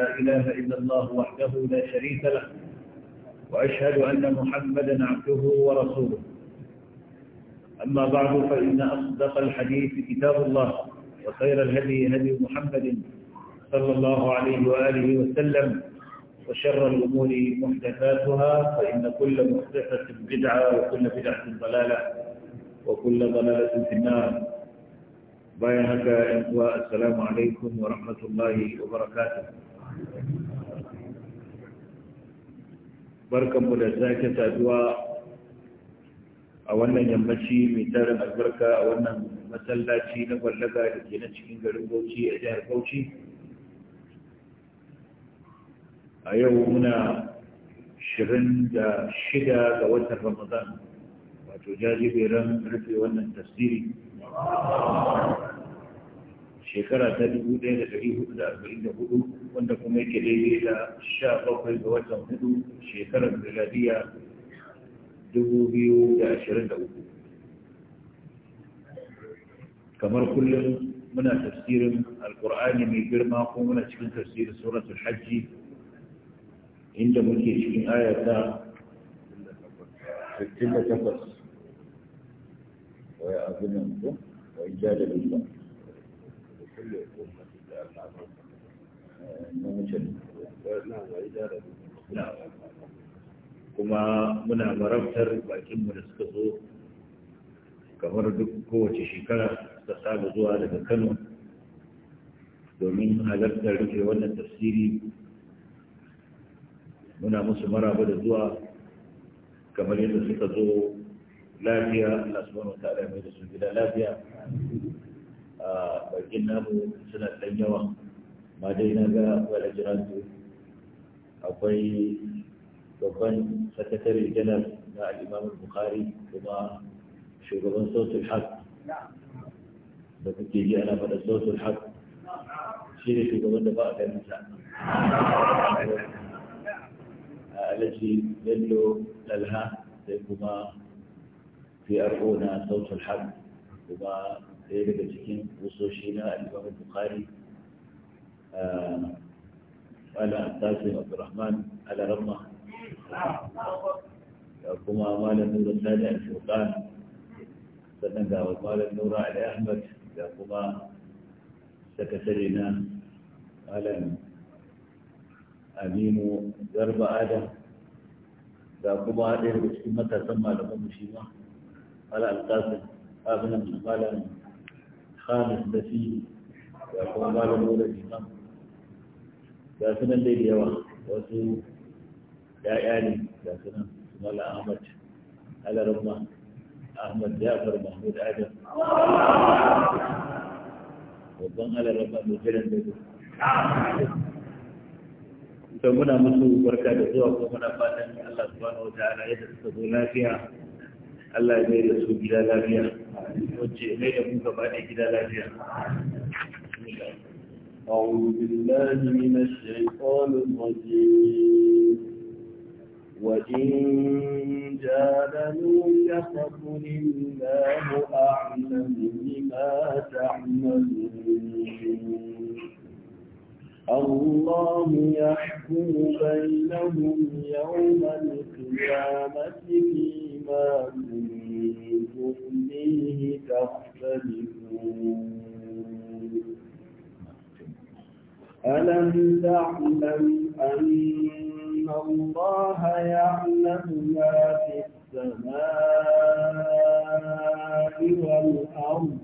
لا إله إلا الله وحده لا شريك له وأشهد أن محمدا عبده ورسوله أما بعد فإن أصدق الحديث كتاب الله وخير الهدي هدي محمد صلى الله عليه وآله وسلم وشر الأمور محدثاتها فإن كل محدثة بدعة وكل بدعة ضلالة وكل ضلالة في النار بايعك السلام عليكم ورحمة الله وبركاته barkanmu da sake saduwa a wannan yammaci mai tarin albarka a wannan masallaci na kwallaga da ke na cikin garin bauchi a jihar bauchi a yau muna shirin da shida ga watan ramadan wato jajiberin rufe wannan tasiri shekara ta 1444 wanda kuma yake daidai da sha bakwai ga watan hudu shekarar miladiya dubu biyu da ashirin da uku kamar kullum muna tafsirin alkur'ani mai girma ko muna cikin tafsirin suratul hajji inda muke cikin ayata 68 waya azumin ko wa ijada billah kuma muna marabtar bakinmu da suka zo kamar duk kowace shekara ta saba zuwa daga kano domin halartar rufe wannan tafsiri muna musu maraba da zuwa kamar yadda suka zo lafiya Allah subhanahu wataala mai da su gida lafiya a ah, bakin namu suna ɗan yawa ba dai na ga akwai ajiratu akwai babban sakatare janar na al'imam bukhari kuma shugaban sautul haq da kuke ji ana faɗa sautul haq shi ne shugaban da ba a ganin sa a alaji yallo talha sai kuma pro na sautul haq kuma ɗaya daga cikin wasoshi na al'imam bukhari وعلى أساس عبد الرحمن على رمى وكما مال النور السادة الفرقان سنندا وقال النور على أحمد وكما سكسرنا على أمين ضرب آدم وكما هذه الاجتماع تسمى لكم الشيماء على القاسم أبنى من خالص بسيء وكما مال النور الإمام ga su nan dai da yawa wasu ya'ya ne ga su nan mala ahmad alarumma ahmad jafar mahmud adam babban alarumma mai jiran da su to muna musu barka da zuwa ko muna fatan Allah subhanahu wa ta'ala yadda suka zo lafiya Allah ya mai da su gida lafiya wacce mai da mu gaba da gida lafiya أعوذ بالله من الشيطان الرجيم وإن جادلوك فقل الله أعلم بما تعملون الله يحكم بينهم يوم القيامة فيما كنتم فيه تختلفون ألم تعلم أن الله يعلم ما في السماء والأرض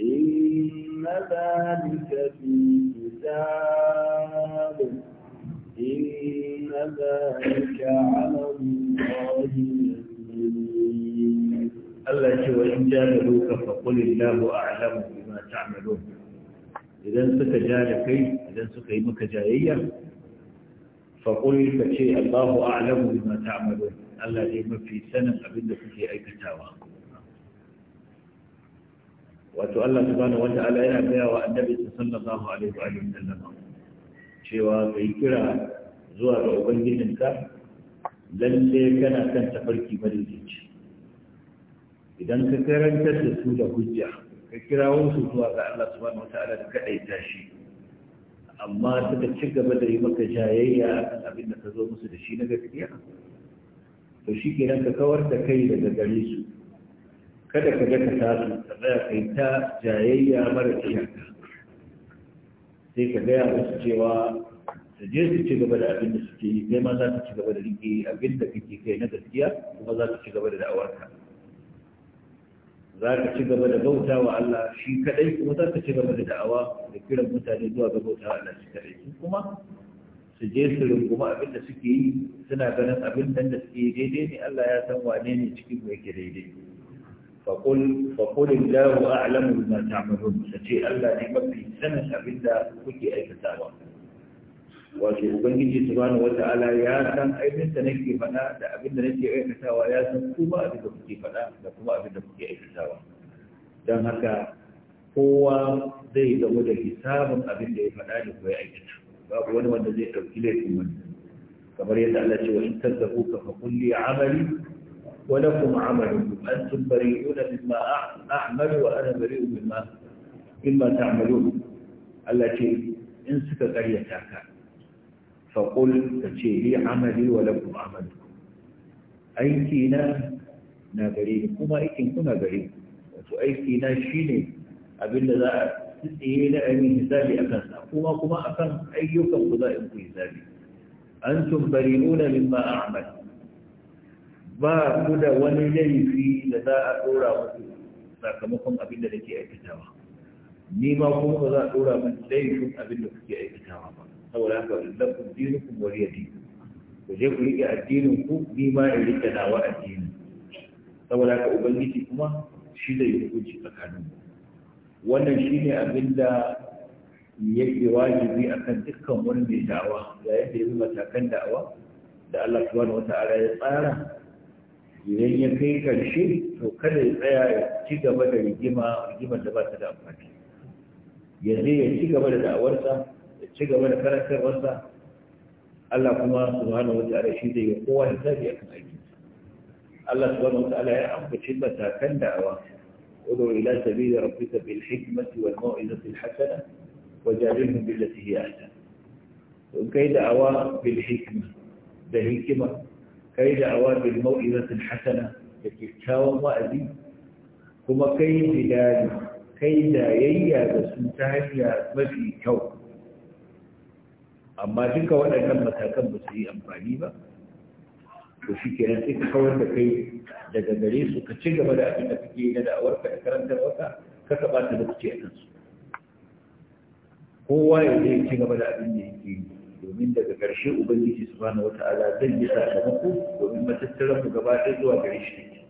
إن ذلك في كتاب إن ذلك على الله يسير الله وإن جادلوك فقل الله أعلم بما تعملون idan suka ja da kai idan suka yi maka jayayya faƙul ka ce Allahu a'lamu bima ta'malun Allah ne mafi sanin abin da kuke aikatawa wato Allah subhanahu wata'ala yana gaya wa annabi sallallahu alaihi wa sallam cewa kai kira zuwa ga ubangijinka lalle kana kan tafarki madaidaici idan ka karantar da su da hujja ka kirawo su zuwa ga Allah subhanahu ala da ta shi amma suka ci gaba da yi maka jayayya akan abin da ka zo musu da shi na gaskiya to shi kenan ka kawar da kai daga gare su kada ka ga ka tasu ka tsaya kai ta jayayya mara iyaka sai ka gaya musu cewa su je su ci gaba da abin da suke yi kai ma za su ci gaba da rike abin da kake kai na gaskiya kuma za su ci gaba da da'awarka za ka ci gaba da bauta wa Allah shi kadai kuma za ka ci gaba da da'awa da kiran mutane zuwa ga bauta wa Allah shi kadai su kuma su je su runguma abin da suke yi suna ganin abin nan da suke yi daidai ne Allah ya san wane ne cikin mu yake daidai faqul faqul Allahu a'lamu bima ta'malun sace Allah ne mafi sanin abin da kuke aikatawa wato ubangiji subhanahu wata'ala ya san aibin da nake faɗa da abin da nake aikatawa ya san kuma abin da kuke faɗa da kuma abin da kuke aikatawa don haka kowa zai zama da hisabin abin da ya faɗa da kuma ya aikata babu wani wanda zai ɗauki laifin wani kamar yadda Allah ce wa in tazzabu ka fa kulli amali wa lakum amalukum antum bari'una mimma a'malu wa ana bari'un mimma mimma ta'malun Allah ce in suka karyata ka faƙul ta ce li Amadu wa lakum amalu aiki na gare ni kuma aikin kuna gare ku wato aiki na shine abin da za a tsaye na ainihin hisabi akan sa kuma kuma akan ayyukan ku za in ku hisabi antum barinuna ba ku da wani laifi da za a dora sakamakon abin da nake aikatawa ni ma kuma ba za a dora min laifin abin da kuke aikatawa ba saboda haka lakum dinukum ya din ku je ku rike addinin ku ni ma in rike nawa addini saboda haka ubangiji kuma shi da yi hukunci tsakanin wannan shi ne abin da yake wajibi a kan dukkan wani mai da'awa yayin da ya bi matakan da'awa da Allah subhanahu wata'ala ya tsara idan ya kai karshe to kada ya tsaya ya ci gaba da rigima rigimar da ba ta da amfani Yanzu ya ci gaba da da'awarsa ci gaba da karantarwarsa Allah kuma subhanahu wata'ala shi zai yi kowa hisabi akan aiki Allah subhanahu wata'ala ya ambaci matakan da'awa ادعو إلى سبيل ربك بالحكمة والموعظة الحسنة وجادلهم بالتي هي أحسن وإن كي دعوة بالحكمة ده حكمة كي دعوة بالموعظة الحسنة يتكاوى وأدي كما كي هلال كي دايا بسمتها ما في كوم amma duka waɗannan matakan ba su yi amfani ba to shi kenan sai ka kawar da kai daga gare su ka ci gaba da abin da kake na ka da karantar wata ka ka ɓata lokaci a kansu kowa ya zai ci gaba da abin da yake yi domin daga ƙarshe ubangiji su bani ala zan yi muku domin matattaran mu gaba ɗaya zuwa gare shi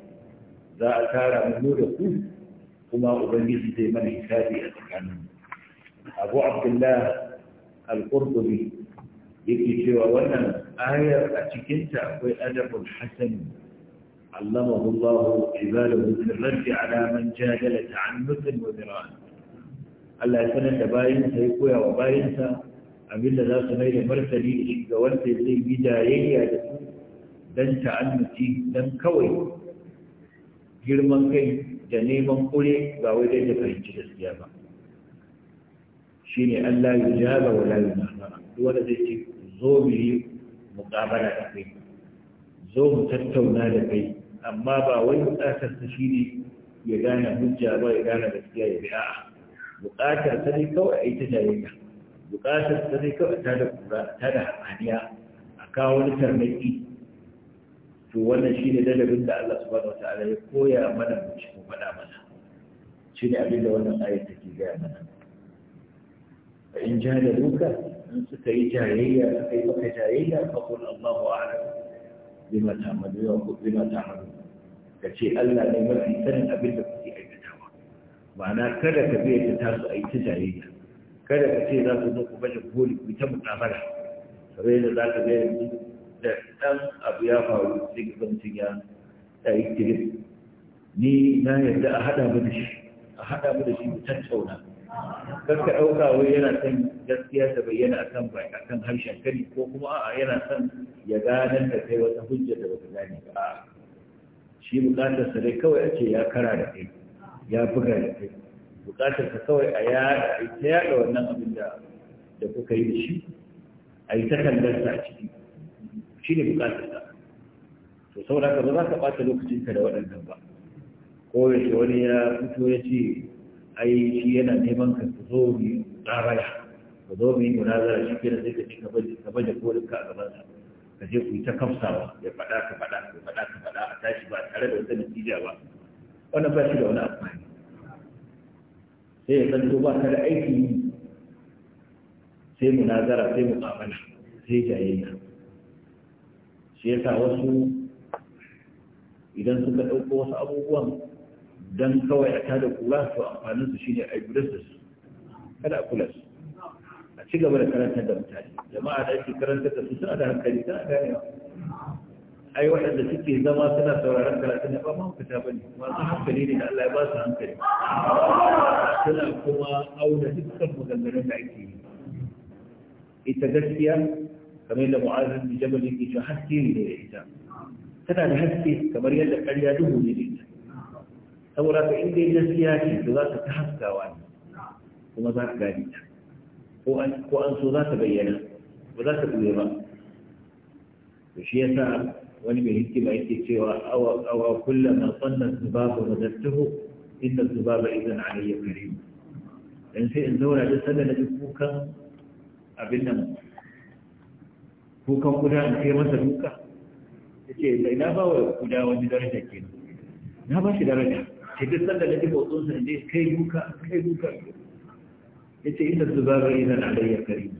za a tara mu da ku kuma ubangiji zai mana hisabi a tsakanin abu abdullah al-qurdubi yake cewa wannan ayar a cikinta akwai adabul hasan allamahu Allah ibadahu fi raddi ala man jadala ta'annutan wa dira'an Allah ya sanar da bayinsa ya koya wa bayinsa abinda za su mai da martani ga wanda zai bi jayayya da su dan ta'annuti dan kawai girman kai da neman kure ba wai dai da fahimci gaskiya ba shine Allah ya jaba wa la yunana wanda zai ci. zo mu yi muƙabala da kai zo mu tattauna da kai amma ba wai buƙatar ta shi ne ya gane hujja ba ya gane gaskiya ya biya buƙatar ta ne kawai a yi ta jayayya buƙatar ta ne kawai ta da kura ta da hamaniya a kawo wani tarnaki to wannan shi ne dalibin da Allah subhanahu wa ta'ala ya koya mana mu ci mu faɗa mana shi ne abin da wannan ayat take gaya mana in jahada duka suka yi jayayya suka yi maka jayayya fa kun Allahu a'lam bima ta'malu wa kun bima ta'malu ka ce Allah ne mafi sanin abin da kuke aikatawa na kada ka biya ta tasu a yi ta jayayya kada ka ce za ku zo ku baje goli ku ta mu'amala kamar da za ka ga yanzu da ɗan abu ya faru cikin ka ya mutum ya ni na yarda a haɗa mu da shi a haɗa mu da shi mu tattauna kanka ɗauka wai yana son gaskiya ta bayyana a kan bai a kan harshen kani ko kuma a'a yana son ya gane da kai wata hujja da baka gane ba shi bukatar sa dai kawai a ce ya kara da kai ya buga da kai bukatar sa kawai a yaɗa a ta yaɗa wannan abin da da kuka yi da shi a yi ta kallon sa a ciki shi ne bukatar sa to saboda ka ba za ka ɓata lokacinka da waɗannan ba ko yace wani ya fito ya ce ai shi yana neman ka zo mu tsaraya ka zo mu munazara shi kira sai ka ci ka baje ko ka a gaban sa ka je ku yi ta kamsawa ya faɗa ka faɗa ka faɗa ka faɗa a tashi ba tare da wata natija ba wannan ba shi da wani amfani sai ya zanto ba ka da aiki yi sai munazara sai mu mu'amala sai jayayya shi yasa wasu idan suka ɗauko wasu abubuwan dan kawai a tada kula su amfanin su shine a gudas da su kada kula su a ci gaba da karantar da mutane jama'a da ake karantar da su suna da hankali suna gane ai waɗanda suke zama suna sauraron karatun da ba ma fita bane masu hankali ne da Allah ya ba su hankali suna kuma auna dukkan maganganun da ake yi ita gaskiya kamar da mu'azin jabalin yake cewa haske ne da ita tana da haske kamar yadda ƙarya duhu ne da saboda ka inda yi gaskiya ne da za ka ta haskawa ne kuma za ka gani ta ko an so za ka bayyana ba za ka ɗure ba to shi ya sa wani mai hikima yake cewa awa kullum na tsannan zubaba madattuhu inda zubaba idan alayya karim dan sai in zaura da sallar da kukan abin nan kukan kuda in kai masa duka yace ina ba wa kuda wani daraja kenan na ba shi daraja take san da take boton san dai kai duka kai duka yace inda zubar idan alayya kari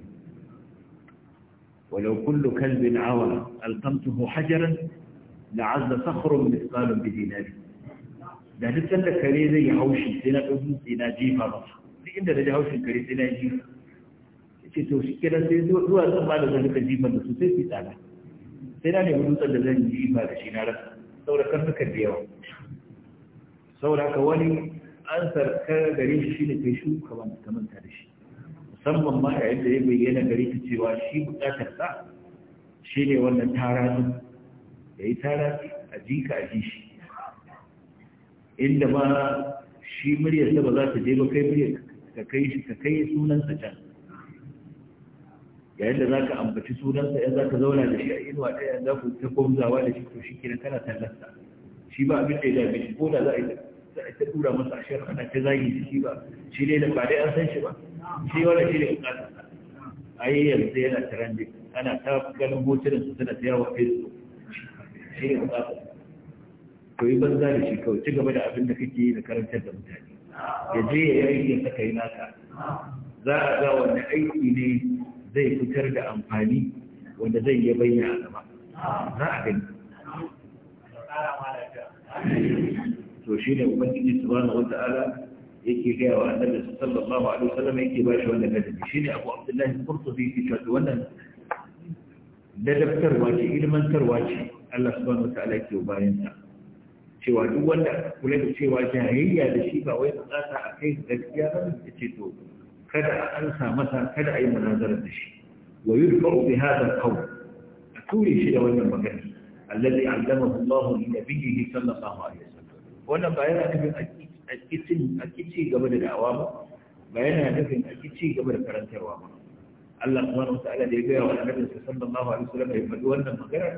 ولو كل كلب عور ألقمته حجرا لعز صخر مثقال بدينار ده لسه لك ليه زي حوش سينا جيفا بصر ليه انت لدي حوش كري جيفا ايش توشي كلا سينا هو اصلا بعد ذلك جيفا نسو سيسي تعالى سينا لي حدوثا لذلك جيفا لشينا رسا ثورة كرسك اليوم saboda ka wani an sarka gare shi shine kai shi kamar ka manta da shi musamman ma yayin da ya bayyana gare ta cewa shi bukatar sa shi ne wannan ya yi tarazi a ji ka ji shi inda ma shi muryar ba za ta je ba kai muryar ka kai shi ka kai sunan sa can yayin da za ka ambaci sunansa yan za ka zauna da shi a inuwa ɗaya za ku ta gwamzawa da shi to shi kenan kana tallasta shi ba abin da ya dame shi ko da za a yi da tura masa ashe ana ta zagi shi ba shi ne da ba dai an san shi ba shi wala shi ne bukatar sa ai yanzu yana trending ana ta ganin hotunan su suna ta yawa facebook shi ne bukatar to yi banza da shi kawai ci gaba da abin da kake yi da karantar da mutane ya je ya yi aikin saka yi naka za a ga wani aiki ne zai fitar da amfani wanda zai yi bayyana a gaba za a gani to shi ne ubangiji subhanahu wata'ala yake gaya wa annabi sallallahu alaihi wasallam yake ba shi wannan ladabi shi ne abu abdullahi qurtubi yake cewa wannan ladabtarwa ce ilmantarwa ce Allah subhanahu Ta'ala yake bayan ta cewa duk wanda kula da cewa jahiliya da shi ba wai bukata a kai gaskiya ba ne ce to kada a ansa masa kada a yi munazara da shi wa yurfa'u bi hadha al-qawl a ture shi da wannan magana alladhi allamahu Allah li nabiyhi sallallahu alaihi wasallam wannan ba yana nufin a kici gaba da da'awa ba ba yana nufin a kici gaba da karantarwa ba Allah subhanahu ala da ya gaya wa annabi sallallahu alaihi wasallam ya faɗi wannan magana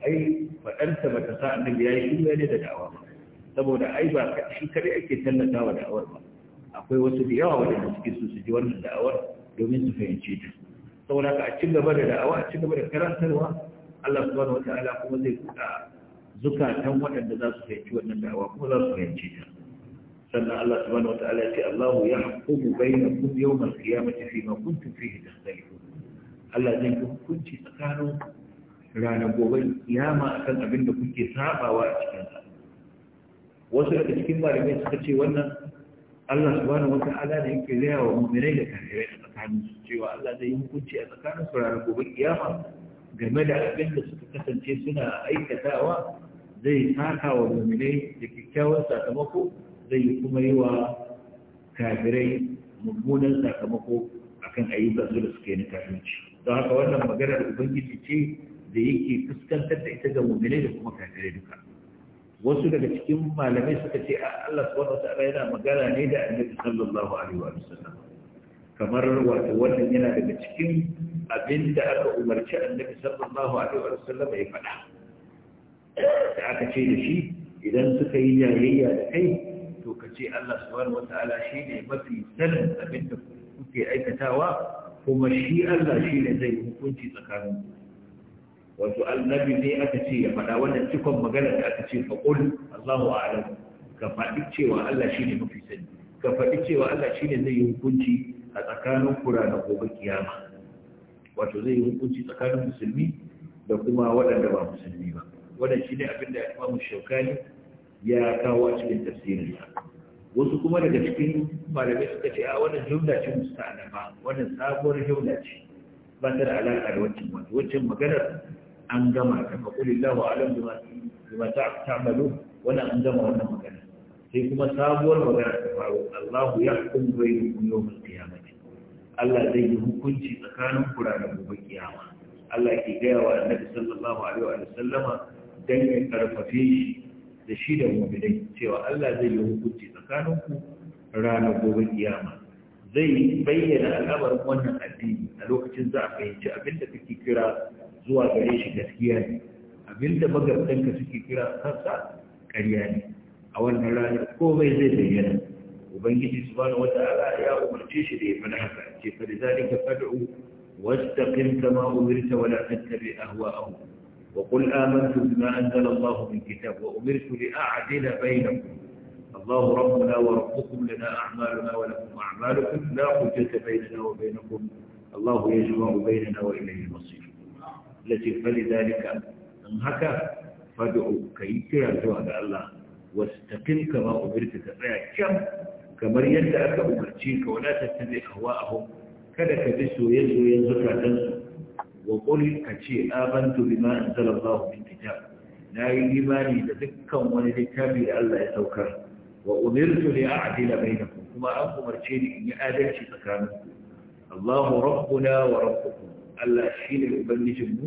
ai faɗarsa ba ta sa annabi ya yi ne da da'awa ba saboda ai ba shi kare ake tallata wa da'awar ba akwai wasu da yawa wajen suke so su ji wannan da'awar domin su fahimci ta saboda ka a ci gaba da da'awa a ci da karantarwa Allah subhanahu wata'ala kuma zai kuɗa zukatan waɗanda za su fahimci wannan da'awa kuma za su fahimci ta sannan Allah subhanahu wataala ya ce Allahu yahkumu bainakum yawm al-qiyamati fi ma kuntum fihi takhtalifun Allah zai yi hukunci tsakanin ranar gobe kiyama akan abin da kuke sabawa a cikin sa wasu daga cikin malamai suka ce wannan Allah subhanahu wataala ne yake gaya wa mu'minai da kafirai a tsakanin su cewa Allah zai yi hukunci a tsakanin su ranar gobe kiyama game da abin da suka kasance suna aikatawa zai saka wa muminai da kyakkyawan sakamako zai yi kuma yi wa kafirai mummunan sakamako akan ayyukan su da suke na kafirci don haka wannan maganar ubangiji ce da yake fuskantar da ita ga muminai da kuma kafirai duka wasu daga cikin malamai suka ce Allah wata wataala yana magana ne da Annabi sallallahu alaihi wa sallam kamar wato wannan yana daga cikin abin da aka umarci Annabi sallallahu alaihi wa sallam ya faɗa da aka ce da shi idan suka yi jayayya da kai to ka ce Allah subhanahu wata'ala shi ne mafi sanin abin da kuke aikatawa kuma shi Allah shi ne zai hukunci tsakanin ku. wato annabi ne aka ce ya faɗa wannan cikon magana da aka ce fa qul Allahu a'lam ka faɗi cewa Allah shi ne mafi sani ka faɗi cewa Allah shi ne zai yi hukunci a tsakanin kura da gobe kiyama wato zai yi hukunci tsakanin musulmi da kuma waɗanda ba musulmi ba wannan shine abin da Imam Shaukani ya kawo a cikin tafsirinsa. wasu kuma daga cikin malamai suka ce a wannan jumla ce musta'anaba wannan sabuwar jumla ce ba ta da alaƙa da wancan wani wancan maganar an gama ta faqulillahu alam bima bima ta'malu wannan an gama wannan magana sai kuma sabuwar magana ta faru Allahu ya bai yahkum bainakum yawmal qiyamah Allah zai yi hukunci tsakanin ku ranar gobe kiyama Allah ke gaya wa Annabi sallallahu alaihi wa sallama don in karfafe da shi da mu'minai cewa Allah zai yi hukunci tsakaninku ranar gobe kiyama zai bayyana al'amarin wannan addini a lokacin za a fahimci abin da kake kira zuwa gare shi gaskiya ne abin da magabtanka suke kira kansa ƙarya ne a wannan ranar komai zai bayyana ubangiji subhanahu wata'ala ya umarce shi da ya fada haka ce fa da zalika fad'u wastaqim kama umirta wala tattabi ahwa'ahum وقل آمنت بما أنزل الله من كتاب وأمرت لأعدل بينكم الله ربنا وربكم لنا أعمالنا ولكم أعمالكم لا حجة بيننا وبينكم الله يجمع بيننا وإليه المصير التي فلذلك انهك فادعوا كي ترجو على الله واستقم كما أمرتك كم كما يدعك أمرتك ولا تتبع أهواءهم كذا كبسوا يزوا ينزوا تعتنسوا wa qul ka ce amantu bima anzala Allah min kitab na yi imani da dukkan wani littafi da Allah ya saukar wa umirtu li a'dila bainakum kuma an umarce ni in yi adalci tsakaninku Allahu rabbuna wa rabbukum Allah shine ubangijinmu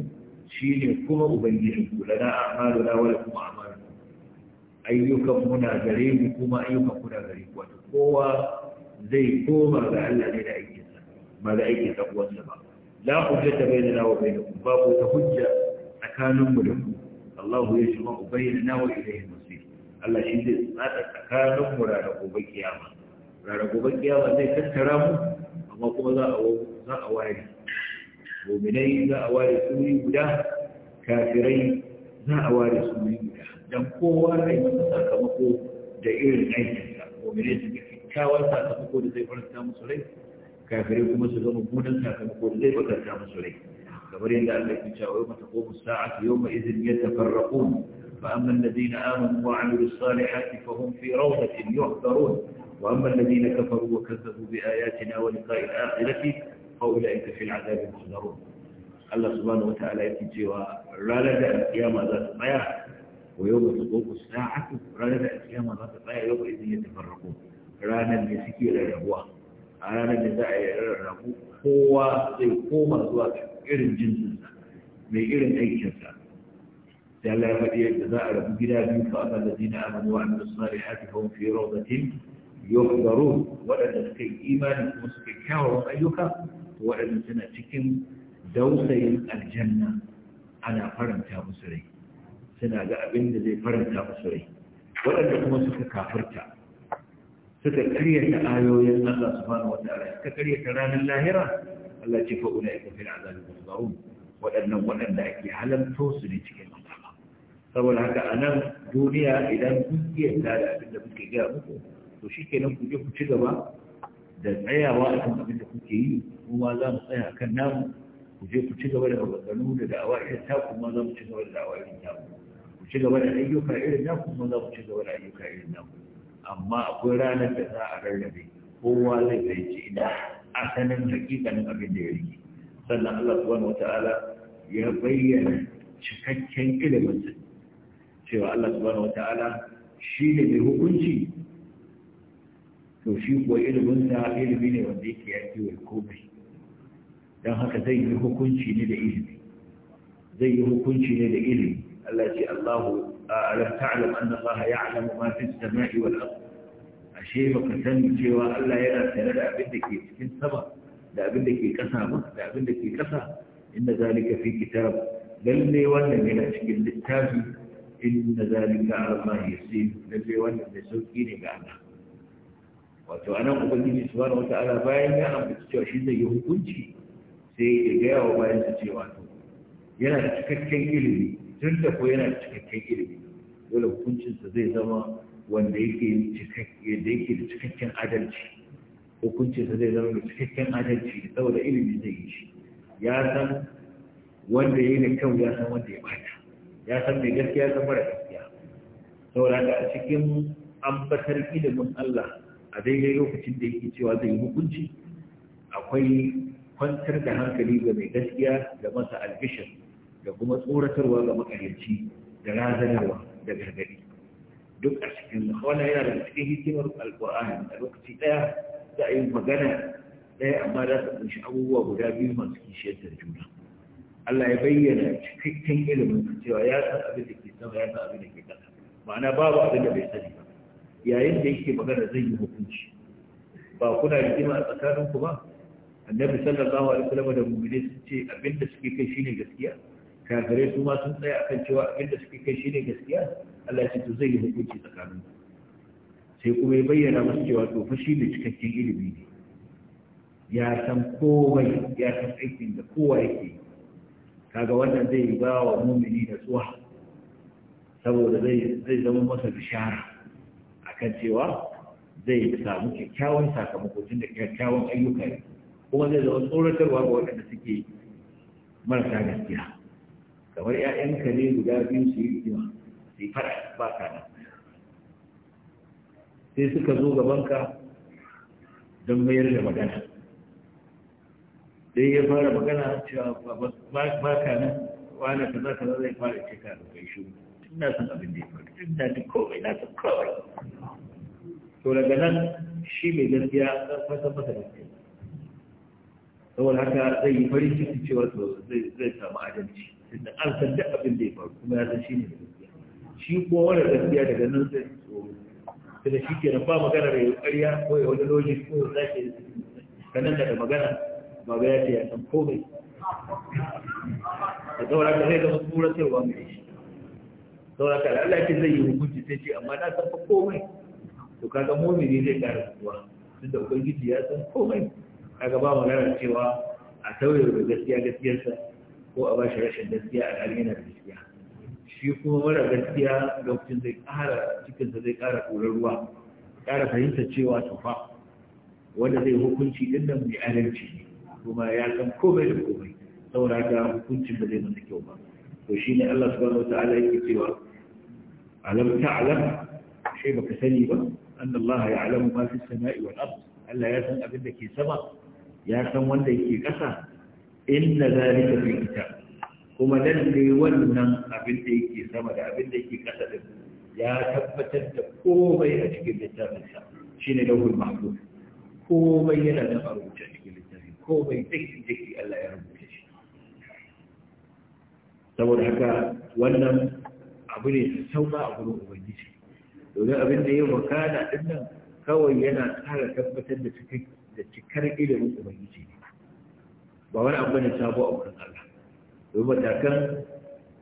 shine kuma ubangijinku lana a'maluna wa lakum a'malukum ayyukan muna gare mu kuma ayyukan kuna gare ku wato kowa zai koma ga Allah ne da aikinsa ba da aikin ɗan uwansa ba la hujjata bainana wa bainakum babu ta hujja tsakaninmu da ku Allah ya shima bainana wa ilayhi masir Allah shi zai tsada tsakaninmu mu da gobe kiyama ranar gobe kiyama zai tattara mu amma kuma za a za a ware mu'minai za a ware suri guda kafirai za a ware suri guda dan kowa zai yi sakamako da irin aikinsa mu'minai su ga kyakkyawan sakamako da zai faranta musu rai kafirai kuma su zama munan sakamako da zai bakanta musu rai kamar yadda Allah ya ce wa mata qumu sa'atu yawma idhin yatafarraqun fa amma alladhina amanu wa 'amilus salihati fa hum fi rawdatin yuhdarun wa amma alladhina kafaru wa kazzabu bi ayatina wa liqa'il akhirati fa ulaika fil 'adabi muhdarun Allah subhanahu wa ta'ala yake cewa ranar da kiyama za ta tsaya wa yau yawma taqumu sa'atu ranar da kiyama za ta tsaya yawma idhin yatafarraqun ranar ne suke rarrabuwa a ranar da za a yi rarrabu kowa zai koma zuwa irin jinsinsa mai irin aikinsa sai Allah ya faɗi yadda za a rabu gida biyu fa amma da zina amanu wa amma sunari haka kawun fi rawdatin yuhdaru waɗanda suka yi imani kuma suka kyawawan ayyuka waɗanda suna cikin dausayin aljanna ana faranta musu rai suna ga abin da zai faranta musu rai waɗanda kuma suka kafurta. suka karyata ayoyin Allah subhanahu wataala suka karyata ranar lahira Allah ce fa ulai ka fil azabi mudarun waɗannan wadanda ake halanto su ne cikin azaba saboda haka a nan duniya idan kun iya da abin da kuke gaya muku to shikenan ku je ku ci gaba da tsayawa a kan abin da kuke yi Mu ma za mu tsaya kan namu ku je ku ci gaba da maganganu da da'awa irin ta kuma za mu ci gaba da da'awa irin ta ku ci gaba da ayyuka irin naku kuma za mu ci gaba da ayyuka irin na ku. amma akwai ranar da za a rarrabe kowa zai fahimci inda asalin hakikanin abin da ya rike sannan Allah subhanahu wata'ala ya bayyana cikakken ilimin cewa Allah subhanahu wata'ala shi ne mai hukunci to shi kuwa ilimin sa ilimi ne wanda yake ya kiwo komai don haka zai yi hukunci ne da ilimi zai yi hukunci ne da ilimi Allah ce Allahu alam ta'lam anna Allah ya'lamu ma fi as-sama'i wal ard ashe baka san cewa Allah yana tare da abin da ke cikin sama da abin da ke kasa ba da abin da ke kasa inna zalika fi kitab lalle wannan yana cikin littafi inna zalika ala Allah yasir lalle wannan da sauki ne ga Allah wato anan ubangiji wata wata'ala bayan ya ambaci cewa shi hukunci sai ya gaya wa yana da cikakken ilimi duk da ko yana cikakken ilimi dole hukuncinsa zai zama wanda yake da yake da cikakken adalci hukuncinsa zai zama da cikakken adalci saboda ilimi zai yi shi ya san wanda ya yi da kyau ya san wanda ya bata ya san mai gaskiya ya san mara gaskiya saboda a cikin ambatar ilimin Allah a daidai lokacin da yake cewa zai yi hukunci akwai kwantar da hankali ga mai gaskiya da masa albishir da kuma tsoratarwa ga makaryaci da razanarwa da gargadi duk a cikin wannan yana daga cikin hikimar alkur'ani a lokaci ɗaya za a yi magana ɗaya amma za su shi abubuwa guda biyu masu kishiyantar juna Allah ya bayyana cikakken ilimin cewa ya san abin da ke sama ya san abin da ke ƙasa ma'ana babu abin da bai sani ba yayin da yake magana zai yi hukunci ba kuna rigima a tsakaninku ba annabi sallallahu alaihi wasallam da mu'mini sun ce abin da suke kai shine gaskiya kafirai su ma sun tsaya akan cewa abin da suke kai shine gaskiya Allah ce to zai yi hukunci tsakanin sai kuma ya bayyana masu cewa to fa shi ne cikakken ilimi ne ya san komai ya san aikin da kowa yake kaga wannan zai ba wa mumini da tsuwa saboda zai zama masa bishara akan cewa zai samu kyakkyawan tun da kyakkyawan ayyuka kuma zai zama tsoratarwa ga waɗanda suke marasa gaskiya kamar ‘ya'yanka ne guda biyu su yi kuma sai fara ba ka nan sai suka zo gabanka don mayar da magana dai ya fara magana cewa ba ka nan wani ka za zai fara cika da kai shi tun na san abin da ya faru tun na duk komai na san kawai to daga nan shi mai gaskiya fasa masa gaskiya saboda haka zai yi farin ciki cewa zai samu adalci tunda an san duk abin da ya faru kuma ya san shi ne da gaskiya shi ko wani gaskiya daga nan sai tsoro tunda shi ke nan ba magana da ƙarya ko ya wani logic ko ya sake kanan daga magana ba ga ya ce ya san komai da saura ka zai zama tsoratarwa mai shi saura ka Allah ce zai yi hukunci sai ce amma na san komai to kaga mumini zai ƙara kuwa tunda ubangiji ya san komai kaga ba magana cewa a tauye gaskiya gaskiyarsa ko a bashi rashin gaskiya a yana da gaskiya shi kuma mara gaskiya lokacin zai ƙara cikinsa zai ƙara ƙorar ruwa ƙara fahimta cewa tufa wanda zai hukunci din nan mai adalci ne kuma ya san komai da komai saboda hukuncin ba zai masa kyau ba to shi ne Allah subhanahu wa ta'ala yake cewa alam ta'lam shi baka sani ba anna Allah ya'lamu ma fi samai wal ard Allah ya san abin da ke sama ya san wanda yake ƙasa inna zalika fi kitab kuma lalle wannan abin da yake sama da abin da yake kasa da ya tabbatar da komai a cikin littafin sa shine lahul mahfuz komai yana da rubuce cikin littafin komai take take Allah ya rubuta shi saboda haka wannan abu ne sauka a gurin ubangiji domin abin da ya wakana din nan kawai yana kara tabbatar da cikar ilimin ubangiji ne ba wani abu ne sabo a wurin Allah domin matakan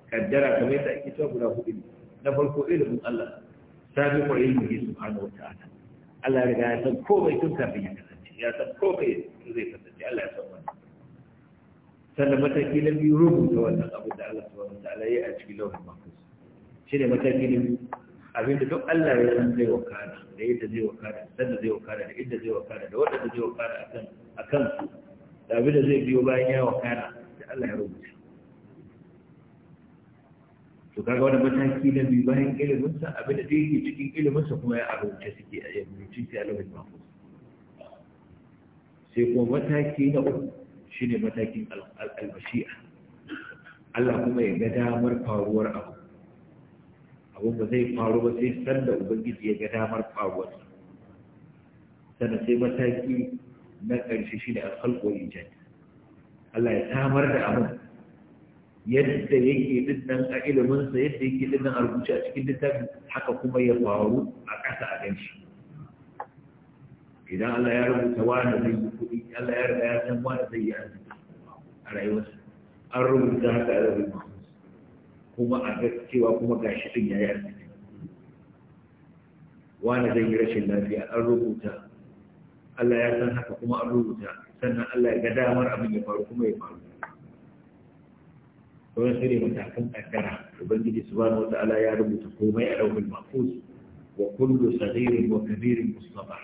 kaddara kamar yadda ake cewa guda hudu ne na farko ilimin Allah su ilmihi wata wata'ala Allah riga ya san ko mai tun kafin ya kasance ya san ko komai zai kasance Allah ya san wani sannan mataki na biyu rubuta wannan abu da Allah wani ta'ala ya yi a cikin lauhin shi ne mataki na biyu abinda duk Allah ya san zai wakana da yadda zai wakana da sanda zai wakana da inda zai wakana da wadanda zai wakana a kan su abin da zai biyo bayan ya wakana da Allah ya rubuta to kaga wani mataki na biyu bayan ilimin sa abin da yake cikin ilimin kuma ya rubuta suke a yammacin sai Allah ya mafu sai kuma mataki na uku shine matakin al Allah kuma ya ga damar faruwar abu abin ba zai faru ba sai sanda ubangiji ya ga damar faruwarsa, sannan sai mataki na ƙarshe shi ne alkhalƙo ijad Allah ya samar da abin yadda yake dinnan a iliminsa yadda yake dinnan a rubuce a cikin littafin haka kuma ya faru a ƙasa a ganshi idan Allah ya rubuta wani zai yi kuɗi Allah ya riga ya san wani zai yi arziki a rayuwarsa an rubuta haka a rubin kuma a ga cewa kuma gashi din ya yi arziki wani zai yi rashin lafiya an rubuta Allah ya san haka kuma an rubuta sannan Allah ya ga damar abin ya faru kuma ya faru Wani shirya matakan kankara ubangiji subhanahu wa ta'ala ya rubuta komai a daukar mahfuz wa kullu saghirin wa kabirin mustafa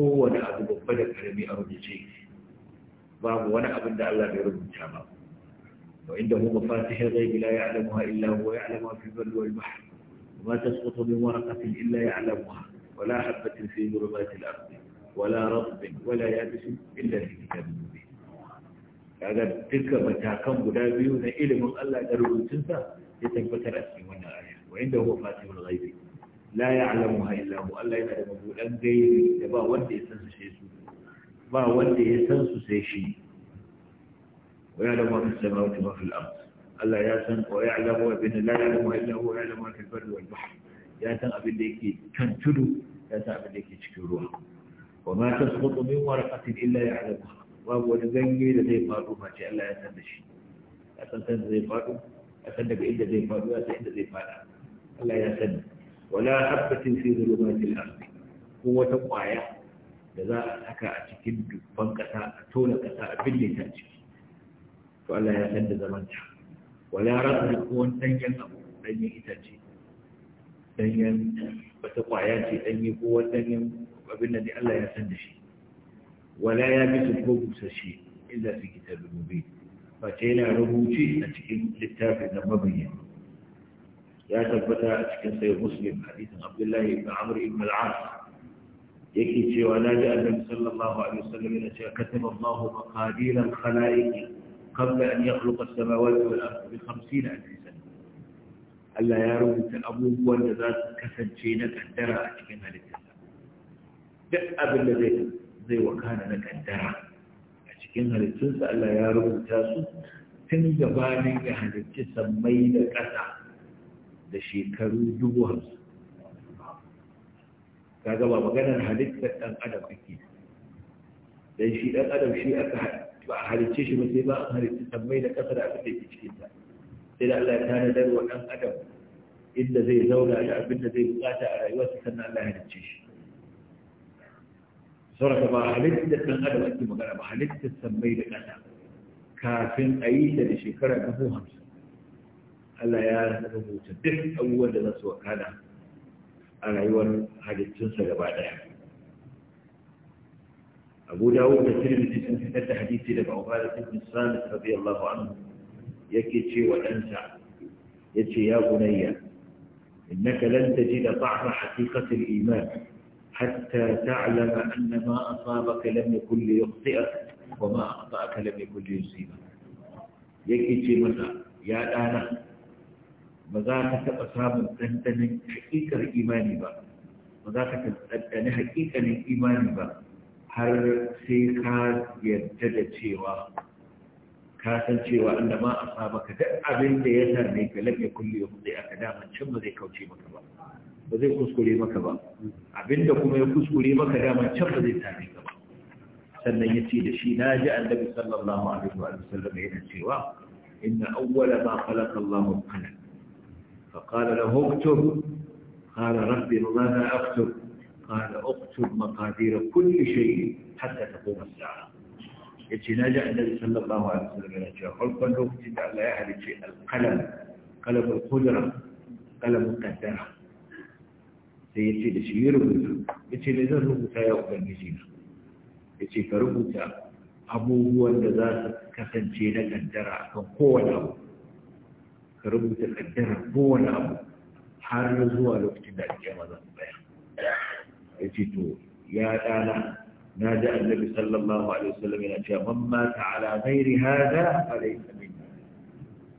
kowane abu babba da karami a rubuce babu wani abin da Allah bai rubuta ba wa inda hu mafatihul ghaibi la ya'lamuha illa huwa ya'lamu fi al-barri wal bahr وما تسقط من ورقة إلا يعلمها ولا حبة في ظلمات الأرض wala rabbin wala yabisin illa fi kitabin mubin matakan guda biyu na ilimin Allah da rubutunsa ya tabbatar a cikin wannan aya wa inda huwa fatihul ghaibi la ya'lamuha illa hu Allah yana da mabudan gaibi da ba wanda ya san su sai su ba wanda ya san su sai shi wa ya'lamu ma fis samawati wa fil ard Allah ya san wa ya'lamu wa la ya san abin da kan tudu ya san abin da cikin ruwa wa ma tasqutu min waraqatin illa ya'lamuha babu wani ganye da zai faɗo face Allah ya san da shi ya san san zai faɗo ya san daga inda zai faɗo ya san inda zai faɗa Allah ya sani wala habbatin fi dhulumatil ardi ko wata ƙwaya da za a saka a cikin dubban ƙasa a tona ƙasa a binne ta ciki to Allah ya san da zaman ta wala ra'ayi ko wani danyen abu danyen itace danyen wata ƙwaya ce danyen ko wani danyen abin da dai Allah ya san da shi wala ya bi su ko busashe illa fi kitabin mubin face yana rubuce a cikin littafin da mabayyana ya tabbata a cikin sayyid muslim hadisin abdullahi ibn amr ibn al-as yake cewa na ji annabi sallallahu alaihi wasallam yana cewa kataba Allah maqadir al-khalaiq qabla an yakhluqa as-samawati wal ardi bi 50 alf Allah ya rubuta abubuwan da za su kasance na kaddara a cikin halitta duk abin da zai zai wakana na kaddara a cikin halittunsa Allah ya rubuta su tun gabanin ya halitti sammai da ƙasa da shekaru dubu hamsin kaga ba maganar halittar ɗan adam ake dan shi ɗan adam shi aka ba a halicce shi ba sai ba a halicce sammai da ƙasa da abin da ke cikin ta sai da Allah ya tanadar wa ɗan adam inda zai zauna da abin da zai bukata a rayuwarsa sannan Allah ya halicce shi sauraka ba halittar ɗan adam ake magana ba halittar sammai da ƙasa kafin a yi ta da shekara dubu hamsin Allah ya rubuta duk abubuwan da za su wakana a rayuwar halittunsa gaba ɗaya أبو داود الترمذي في فتاة حديثي لك عبادة بن الصامت رضي الله عنه يكيتشي وتنسع يكي يا بني إنك لن تجد طعم حقيقة الإيمان حتى تعلم أن ما أصابك لم يكن ليخطئك وما أخطأك لم يكن ليصيبك yake ce masa ya ɗana ba za ka taɓa samun ɗanɗanin haƙiƙar imani ba ba za ka taɓa ɗanɗani haƙiƙanin imani ba har sai ka yarda da cewa ka san cewa Allah ma a sa maka duk abin da ya same ka lafiya kulle ya kuɗe aka daman can ba zai kauce maka ba ba zai kuskure maka ba abinda kuma ya kuskure maka daman can ba zai same ka ba sannan ya ce da shi na ji annabi sallallahu alaihi wa sallam yana cewa inna awwala ma khalaqa Allahu al-qalam فقال له اكتب قال ربي ماذا اكتب قال اكتب مقادير كل شيء حتى تقوم الساعة يجي ناجع النبي صلى الله عليه وسلم إلى جاء خلقا لوقت على أهل القلم قلم القدرة قلم القدرة sai ya ce da shi ya rubuta ya ce zan rubuta ya ubangiji na ya ce ka rubuta abubuwan da za su kasance na kaddara a kan kowane abu ka rubuta kaddara kowane abu har zuwa lokacin da ake maza su baya ya ce to ya ɗana na ji annabi sallallahu alaihi wasallam yana cewa man mata ala ghairi hada fa minna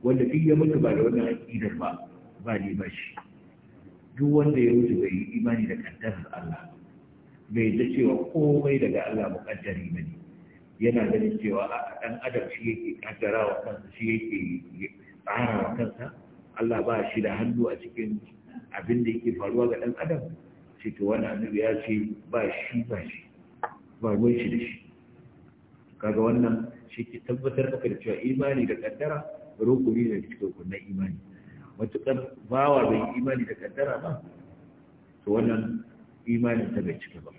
wanda duk ya mutu ba da wannan aqidar ba ba ni ba shi duk wanda ya wuce bai yi imani da kaddarar Allah bai da cewa komai daga Allah muƙaddari ba ne yana ganin cewa a ɗan adam shi yake ƙaddara wa kansa shi yake tsara wa kansa Allah ba shi da hannu a cikin abin da yake faruwa ga dan adam shi to wani annabi ya ce ba shi ba shi ba ruwan shi da shi kaga wannan shi ke tabbatar maka da cewa imani da kaddara rukuni ne cikin rukunin imani matuƙar bawa bai imani da kaddara ba to wannan imanin ta bai cika ba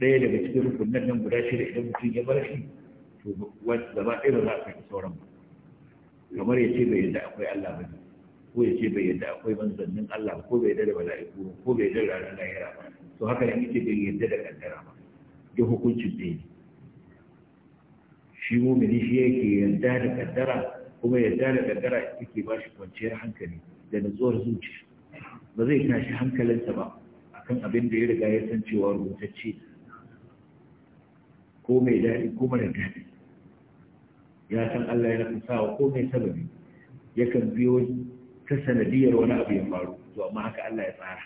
ɗaya daga cikin rukunan nan guda shida idan mutum ya bar shi to gaba ɗaya ba za a kai sauran ba kamar ya ce bai yadda akwai Allah ba ne ko ya ce bai yadda akwai manzannin Allah ko bai yadda da mala'iku ko bai yadda da ranar lahira ba to haka ne yake bai yadda da kaddara ba duk hukuncin ɗaya ne shi mumini shi yake yarda da kaddara kuma yadda da kaddara ita ke ba kwanciyar hankali da nutsuwar zuci ba zai tashi hankalinsa ba akan abin da ya riga ya san cewa rubutacce ko mai daɗi ko mara daɗi ya san Allah ya rafi sawa ko mai sababi yakan biyo ta sanadiyar wani abu ya faru to amma haka Allah ya tsara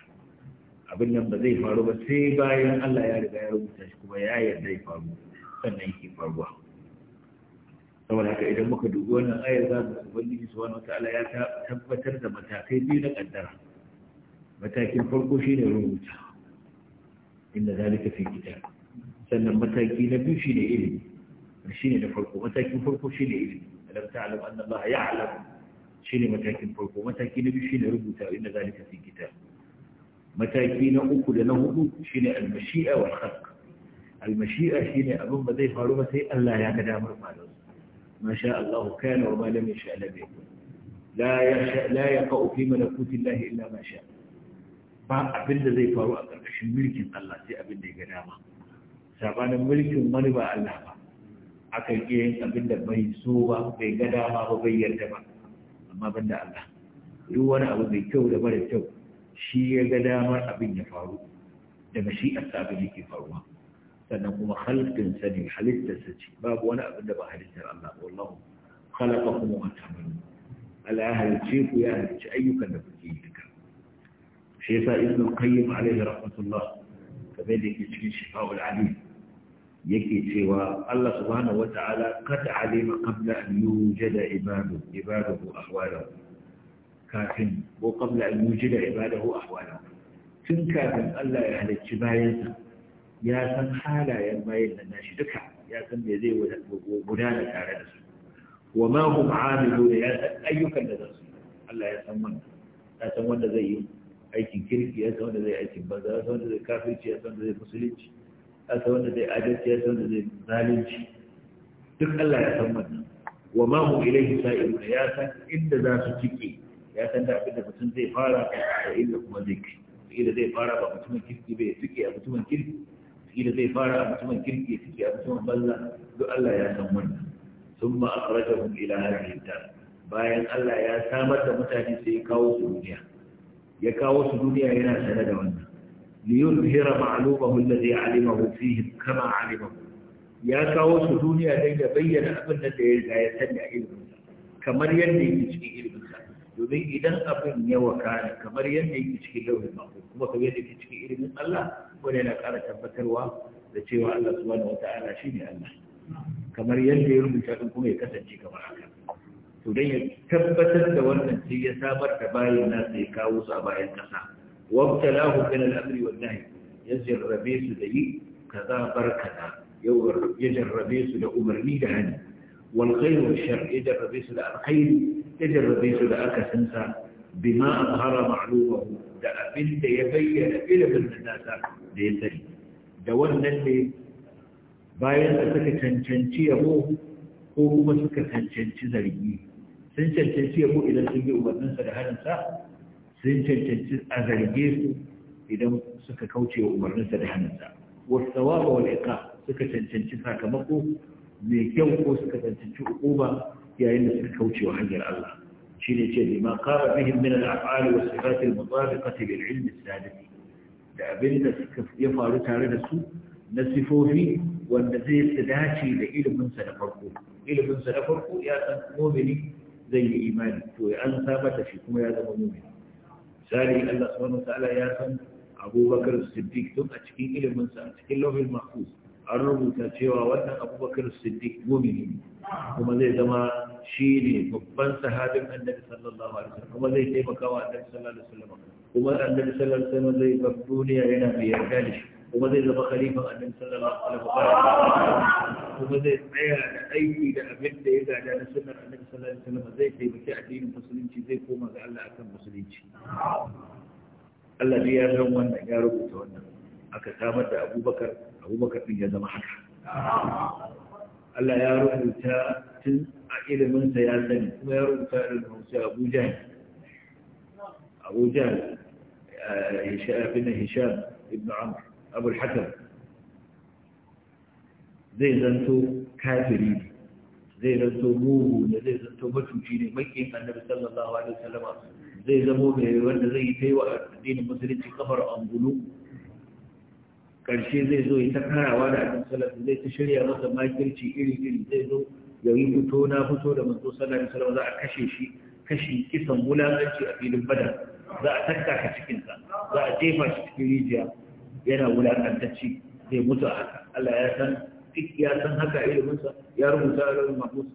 abin nan ba zai faru ba sai bayan Allah ya riga ya rubuta shi kuma ya yarda ya faru sannan yake faruwa saboda haka idan muka dubi wannan ayar za mu ubangiji subhanahu wataala ya tabbatar da matakai biyu na kaddara matakin farko shi ne rubuta inda ni tafi gida. sannan mataki na biyu ne ilimi shi ne da farko matakin farko shi ne ilimi alam ta'lam anna Allah Shi ne matakin farko mataki na biyu ne rubuta inda ni tafi gida. mataki na uku da na hudu shine al-mashi'a wal khalq al shi ne abin ba zai faru ba sai Allah ya ga damar faruwa ما شاء الله كان وما لم يشاء لم يكن لا يشاء لا يقع في ملكوت الله إلا ما شاء ba abin da zai faru a ƙarƙashin mulkin Allah sai abin da ya gada ba sabanin mulkin wani ba Allah ba Aka iya yin abin da bai so ba bai gada ma ba bai yarda ba amma ban da Allah duk wani abu mai kyau da mara kyau shi ya ga damar abin ya faru daga shi a abin yake faruwa sannan kuma halittar sa ne halittar sa ce babu wani abin da ba halittar Allah ba wallahu khalaqa kuma wa ta'malu ala halice ku ya halice ayyukan da kuke yi duka shi yasa ibnu qayyim alaihi rahmatullah kabe da yake cikin shifa'ul alim yake cewa Allah subhanahu wata'ala kad alima qabla an yujada ibadu ibadahu ahwalahu kafin ko qabla an yujada ibadahu ahwalahu tun kafin Allah ya halicci bayansa ya san halayen bayin nan nashi duka ya san me zai gudana tare da su wa ma hum amilu da ya san ayyukan da zasu Allah ya san wannan ya san wanda zai yi aikin kirki ya san wanda zai aikin banza ya san wanda zai kafirci ya san wanda zai musulunci ya san wanda zai adalci ya san wanda zai zalunci duk Allah ya san wannan wa ma hum ilayhi sa'ilun ya san inda za su cike ya san da abin da mutum zai fara da inda kuma zai kai ila zai fara ba mutumin kirki bai cike a mutumin kirki kila zai fara a mutumin kirki suke a mutumin banza duk Allah ya san wannan sun ma akhrajahum ila hadhihi bayan Allah ya samar da mutane sai ya kawo su duniya ya kawo su duniya yana sanar da wannan liyuzhira ma'lumahu alladhi 'alimahu fihi kama 'alimahu ya kawo su duniya don ya bayyana abin da ya riga ya sani a iliminsa kamar yadda yake cikin iliminsa domin idan abin ya wakana kamar yadda yake cikin lauhin mako kuma kamar yadda yake cikin ilimin Allah wanda yana ƙara tabbatarwa da cewa Allah subhanahu wata'ala shine Allah kamar yadda ya rubuta ɗin kuma ya kasance kamar haka to dan ya tabbatar da wannan sai ya sabar da bayin nasa ya kawo su a bayan kasa wabtalahu bil amri wal su da yi kaza bar kaza jarrabe su da umarni da hannu, wal khayr wal shar jarrabe su da ya jarrabe su da akasinsa bima azhara ma'lumahu da abin da ya bayyana ilimin da nasa da ya sani da wannan ne bayan da suka cancanci yabo ko kuma suka cancanci zargi sun cancanci yabo idan sun yi umarninsa da hannunsa sun cancanci a zarge su idan suka kauce wa umarninsa da hannunsa wasu tsawa wani iqa suka cancanci sakamako mai kyau ko suka cancanci hukuma yayin da suka kauce wa hanyar Allah شيء شيء ما قام بهم من الأفعال والصفات المطابقة للعلم السادس da abin da abinda ya faru tare da su na sifofi wanda zai su dace da iliminsa na farko iliminsa na farko ya san mumini zai yi imani to ya an samar da shi kuma ya zama mumini misali Allah subhanahu wa ta'ala ya san Abubakar Siddiq tun a cikin iliminsa a cikin lauhin mahfuz an rubuta cewa wannan abubakar siddiq mumini kuma zai zama shi ne babban sahabin annabi sallallahu alaihi wasallam kuma zai taimaka wa annabi sallallahu alaihi wasallam kuma annabi sallallahu alaihi wasallam zai bar duniya yana mai yarda da shi kuma zai zama khalifan annabi sallallahu alaihi wasallam kuma zai tsaya da aiki da abin da ya gada na sunnar annabi sallallahu alaihi wasallam zai taimaki addinin musulunci zai koma ga Allah akan musulunci Allah ya san wannan ya rubuta wannan aka samar da Abubakar abubakar ɗin ya zama haka Allah ya rubuta tun a iliminsa ya sani kuma ya rubuta iliminsa abuja abuja bin hisham ibn amr abul hakam zai zanto kafiri zai zanto mugu da zai zanto matuci ne makin annabi sallallahu alaihi wasallama zai zamo mai wanda zai yi taiwa addinin musulunci kafar angulu karshe zai zo ya ta karawa da annabi sallallahu zai ta shirya masa makirci iri iri zai zo ya yi fito na fito da manzo sallallahu alaihi wasallam za a kashe shi kashi kisan wulaƙanci a filin badar za a tattaka cikinsa za a jefa shi cikin rijiya yana wulaƙantacci zai mutu a haka Allah ya san ya san haka iliminsa ya rubuta a ilimin mahmud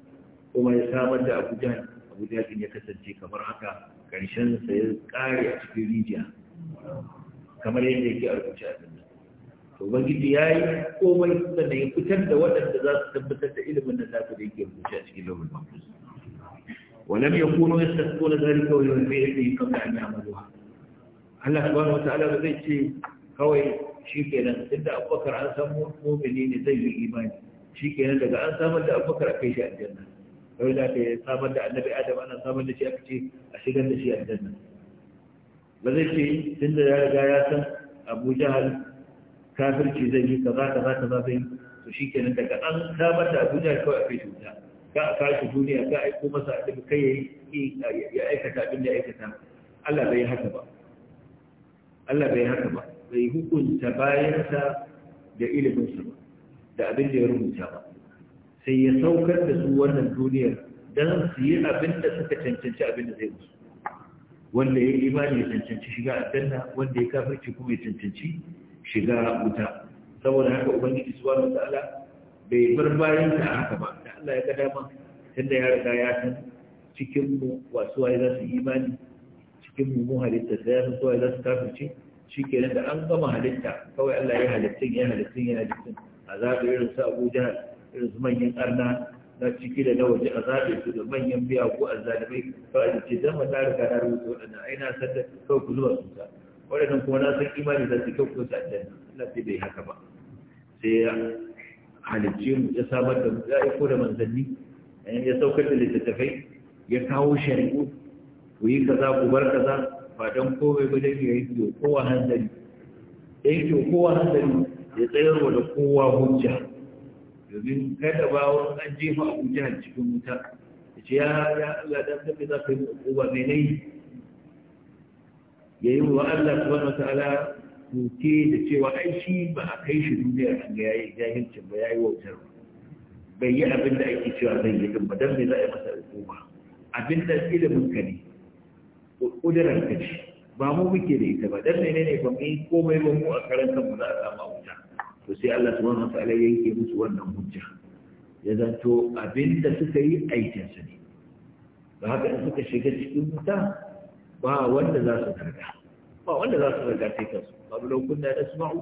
kuma ya samar da abuja jihar abu jihar ya kasance kamar haka karshen sa ya kare a cikin rijiya kamar yadda yake a rubuce a ubangiji ya yi komai sannan ya fitar da waɗanda za su tabbatar da ilimin da za nasu da yake rubuce a cikin ya lauyin mafus ولم يكونوا يستسقون ذلك وينفيه به قبل أن يعملوها Allah subhanahu wataala ba zai ce kawai shi kenan inda abubakar an samu mumini ne zai yi imani shi kenan daga an samar da abubakar a kai shi aljanna kawai da aka yi samar da annabi adam ana samar da shi aka ce a shigar da shi aljanna ba zai ce tun da ya riga ya san abu jahal kafirci zai yi kaza kaza kaza zai yi to shikenan daga an samar da duniya kawai a kai cuta ka a kashi duniya ka aiko masa a duk kai ya aikata abin da ya aikata Allah bai haka ba Allah bai haka ba bai hukunta bayan sa da iliminsa ba da abin da ya rubuta ba sai ya saukar da su wannan duniyar don su yi abin da suka cancanci abin da zai musu wanda ya imani ya cancanci shiga aljanna wanda ya kafirci kuma ya cancanci shiga wuta saboda haka ubangiji da ta'ala bai bar bayan ta haka ba da Allah ya ga dama tunda ya riga ya san cikin mu wasu waye za su imani cikin mu mu halitta da yasu waye za su kafirce shikenan da an gama halitta kawai Allah ya halitta ya halitta ya halitta a zaɓi irin su Abuja irin su manyan arna na ciki da na waje a zaɓe su da manyan biya ko a zalimai kawai da ce zama na riga na rubuta waɗannan aina sanda kawai ku zuwa su waɗannan kuma na san imani za su kyau ko su aljanna Allah sai bai haka ba sai ya halicce mu ya samar da ya aiko da manzanni ya saukar da littattafai ya kawo shari'u ku yi kaza ku bar kaza ba don kowai ba dan yi yo kowa hanzari yayi yo kowa hanzari ya wa da kowa hujja domin kada ba wani an jefa a hujjar cikin wuta ya ce ya ya dan tafi za ka yi ba mai nai ya yi wa Allah subhanahu wataala tuke da cewa ai shi ba a kai shi duniyar an ga yayi jahilcin ba yayi wautar bai yi abin da ake cewa zai yi din ba don me za a yi masa hukuma abin da ilimin ka ne kudurar ka ce ba mu muke da ita ba dan ne ba mu yi komai ba mu a karan mu za a samu wuta to sai Allah subhanahu wataala ya yanke musu wannan hujja ya zanto abin da suka yi aikinsa ne ba haka in suka shiga cikin wuta ba wanda za su zarga ba wanda za su zarga sai kansu babu lau kunna ya asma'u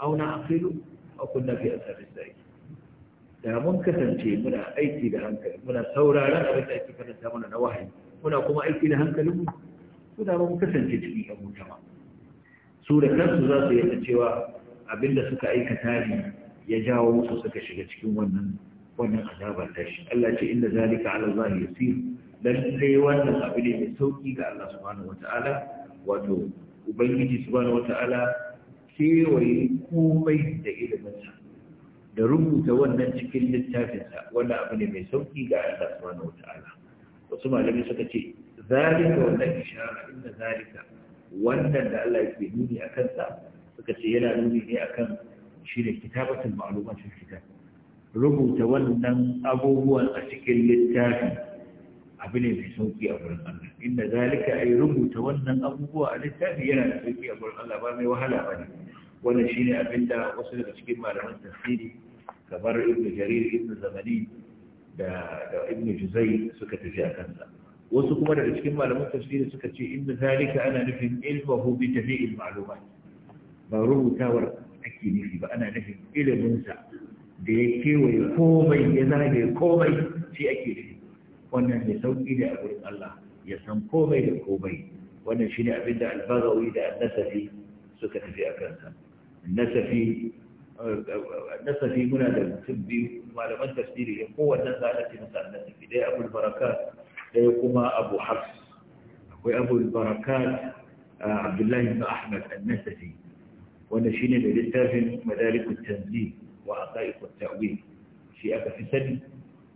aw na aqilu aw kunna fi asarin zaki da mun kasance muna aiki da hankali muna sauraron abin da aiki karanta mana na wahayi muna kuma aiki da hankalin mu ko da kasance cikin a mutama su da kansu za su yadda cewa abinda suka aikata ne ya jawo musu suka shiga cikin wannan wannan azabar tashi Allah ce inda zalika ala Allah yasir lallai wannan abu ne mai sauki ga Allah subhanahu wata'ala wato ubangiji subhanahu wata'ala kewaye komai da iliminsa da rubuta wannan cikin littafinsa wannan abu ne mai sauki ga Allah subhanahu wata'ala wasu malami suka ce zalika wannan ishara inda zalika wannan da Allah yake nuni a kansa suka ce yana nuni ne akan shi ne kitabatul ma'lumatul kitab rubuta wannan abubuwan a cikin littafin abu ne mai sauƙi a gurin Allah inda zalika ai rubuta wannan abubuwa a littafi yana da sauƙi a gurin Allah ba mai wahala ba ne wannan shine abinda wasu daga cikin malaman tafsiri kamar ibnu jarir ibnu zamani da da ibnu juzai suka tafi a kansa wasu kuma daga cikin malaman tafsiri suka ce inda zalika ana nufin ilmuhu bi tafi'il ma'lumat ba rubutawar ake nufi ba ana nufin iliminsa da ya kewaye komai ya zagaye komai shi ake nufi wannan mai sauƙi ne a gurin Allah ya san komai da komai wannan shi ne abin da albagawi da nasafi suka tafi a kansa nasafi nasafi muna da mutum biyu malaman tafsiri ne kowanne za a ce masa nasafi dai abul baraka dai kuma abu hafs akwai abu baraka abdullahi ibn ahmad an-nasafi wanda ne da littafin madarikun tanzi wa ikon ta'wil shi aka fi sani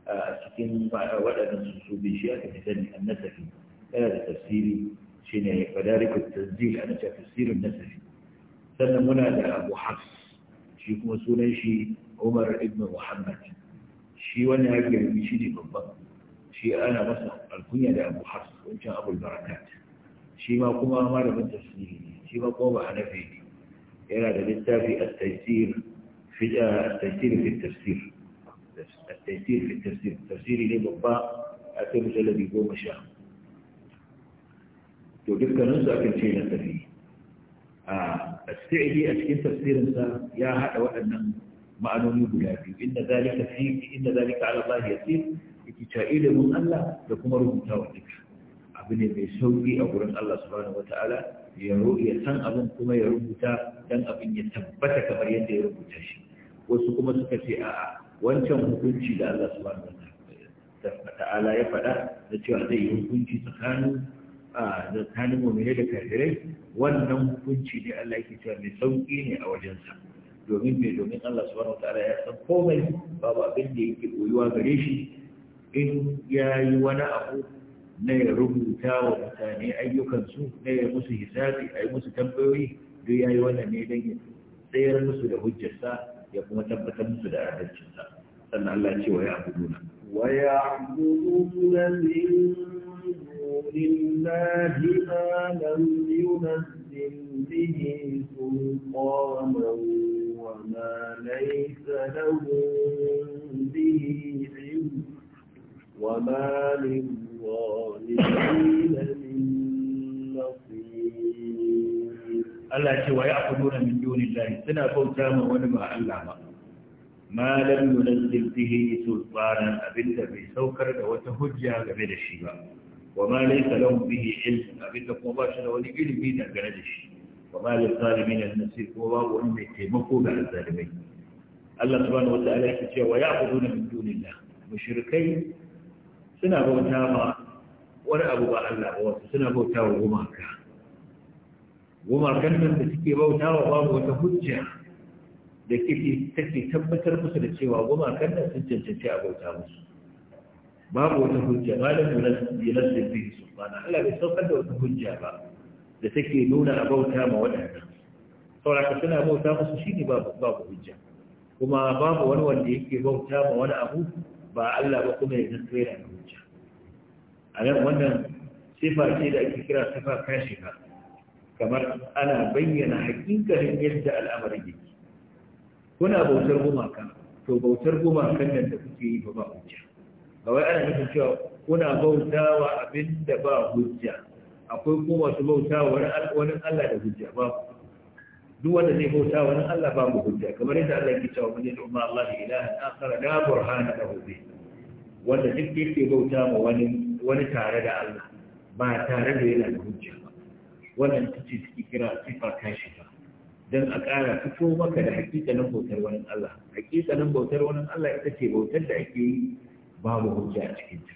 a cikin waɗannan su shi aka fi sani an nasafi yana da tafsiri Shi shine fadarikul tanzil ana cewa tafsirin nasafi sannan muna da abu hafs shi kuma sunan shi umar ibn muhammad shi wannan ya girbi shi ne babban shi ana masa alkunya da abu hafs wancan abul barakat shi ma kuma malamin tafsiri ne shi ma kuma ba hanafi ne yana da littafi a tafsir fi at-tafsir fi at-tafsir التيسير ne babba تفسيري ليه بابا أكل مجلد يقوم to dukkaninsu akan ce na tafi a sa'idi a cikin tafsirinsa ya haɗa waɗannan ma'anoni guda biyu inda zalika fi inda zalika ala Allah ya ce yake ilimin Allah da kuma rubuta wa abu ne mai sauki a wurin Allah subhanahu wataala ya ya san abin kuma ya rubuta dan abin ya tabbata kamar yadda ya rubuta shi wasu kuma suka ce a'a wancan hukunci da Allah subhanahu ta'ala ya faɗa na cewa zai yi hukunci tsakanin da tsakanin da kafirai wannan hukunci ne Allah yake cewa mai sauki ne a wajensa domin bai domin Allah subhanahu ta'ala ya san komai babu abin da yake koyuwa gare shi in ya yi wani abu na ya rubuta wa mutane ayyukansu na ya musu hisabi a yi musu tambayoyi duk ya yi wannan ne don ya tsayar musu da hujjarsa ya kuma tabbatar musu da adalcinsa sannan Allah ce wa ya abuduna wa ya abuduna min dunillahi ma lam yunzil bihi sulqanan wa ma laysa lahum bihi ilm wa ma lil zalimin min nasir Allah ce wa ya ya'buduna min dunillahi suna bauta ma wani ba Allah ba ma lam yunzil bihi sultanan abinda bai saukar da wata hujja game da shi ba wa ma laysa lahum bihi ilm abinda kuma ba shi da wani ilimi dangane da shi wa ma lil zalimin an nasir ko babu wani mai taimako ga zalimai Allah subhanahu wa ta'ala yake cewa nuna min dunillah mushrikai suna bauta ma wani abu ba Allah ba wasu suna bauta wa gumaka gumakan nan da suke bautawa babu wata hujja da take tabbatar musu da cewa gumakan nan sun cancanci a bauta musu babu wata hujja malam su ba na Allah bai saukar da wata hujja ba da take nuna a bauta ma waɗannan sauraka suna bauta musu shi ne babu hujja kuma babu wani wanda yake bauta ma wani abu ba Allah ba kuma ya zanto yana da hujja a nan wannan sifa ce da ake kira sifa ka kamar ana bayyana hakikalin yadda al'amarin yake kuna bautar gumaka to bautar gumakan nan da kuke yi ba ba hujja ga wai ana nufin cewa kuna bautawa abin da ba hujja akwai kuma masu bautawa wani Allah da hujja ba duk wanda zai bauta wani Allah ba mu hujja kamar yadda Allah yake cewa wani da umma Allah ilahan akhara la burhana lahu bi wanda duk yake bauta ma wani wani tare da Allah ba tare da yana da hujja wannan ta ce suke kira kashi ba. don a ƙara fito maka da hakikanin bautar wani Allah hakikanin bautar wani Allah ita ce bautar da ake yi babu hujja a cikin ta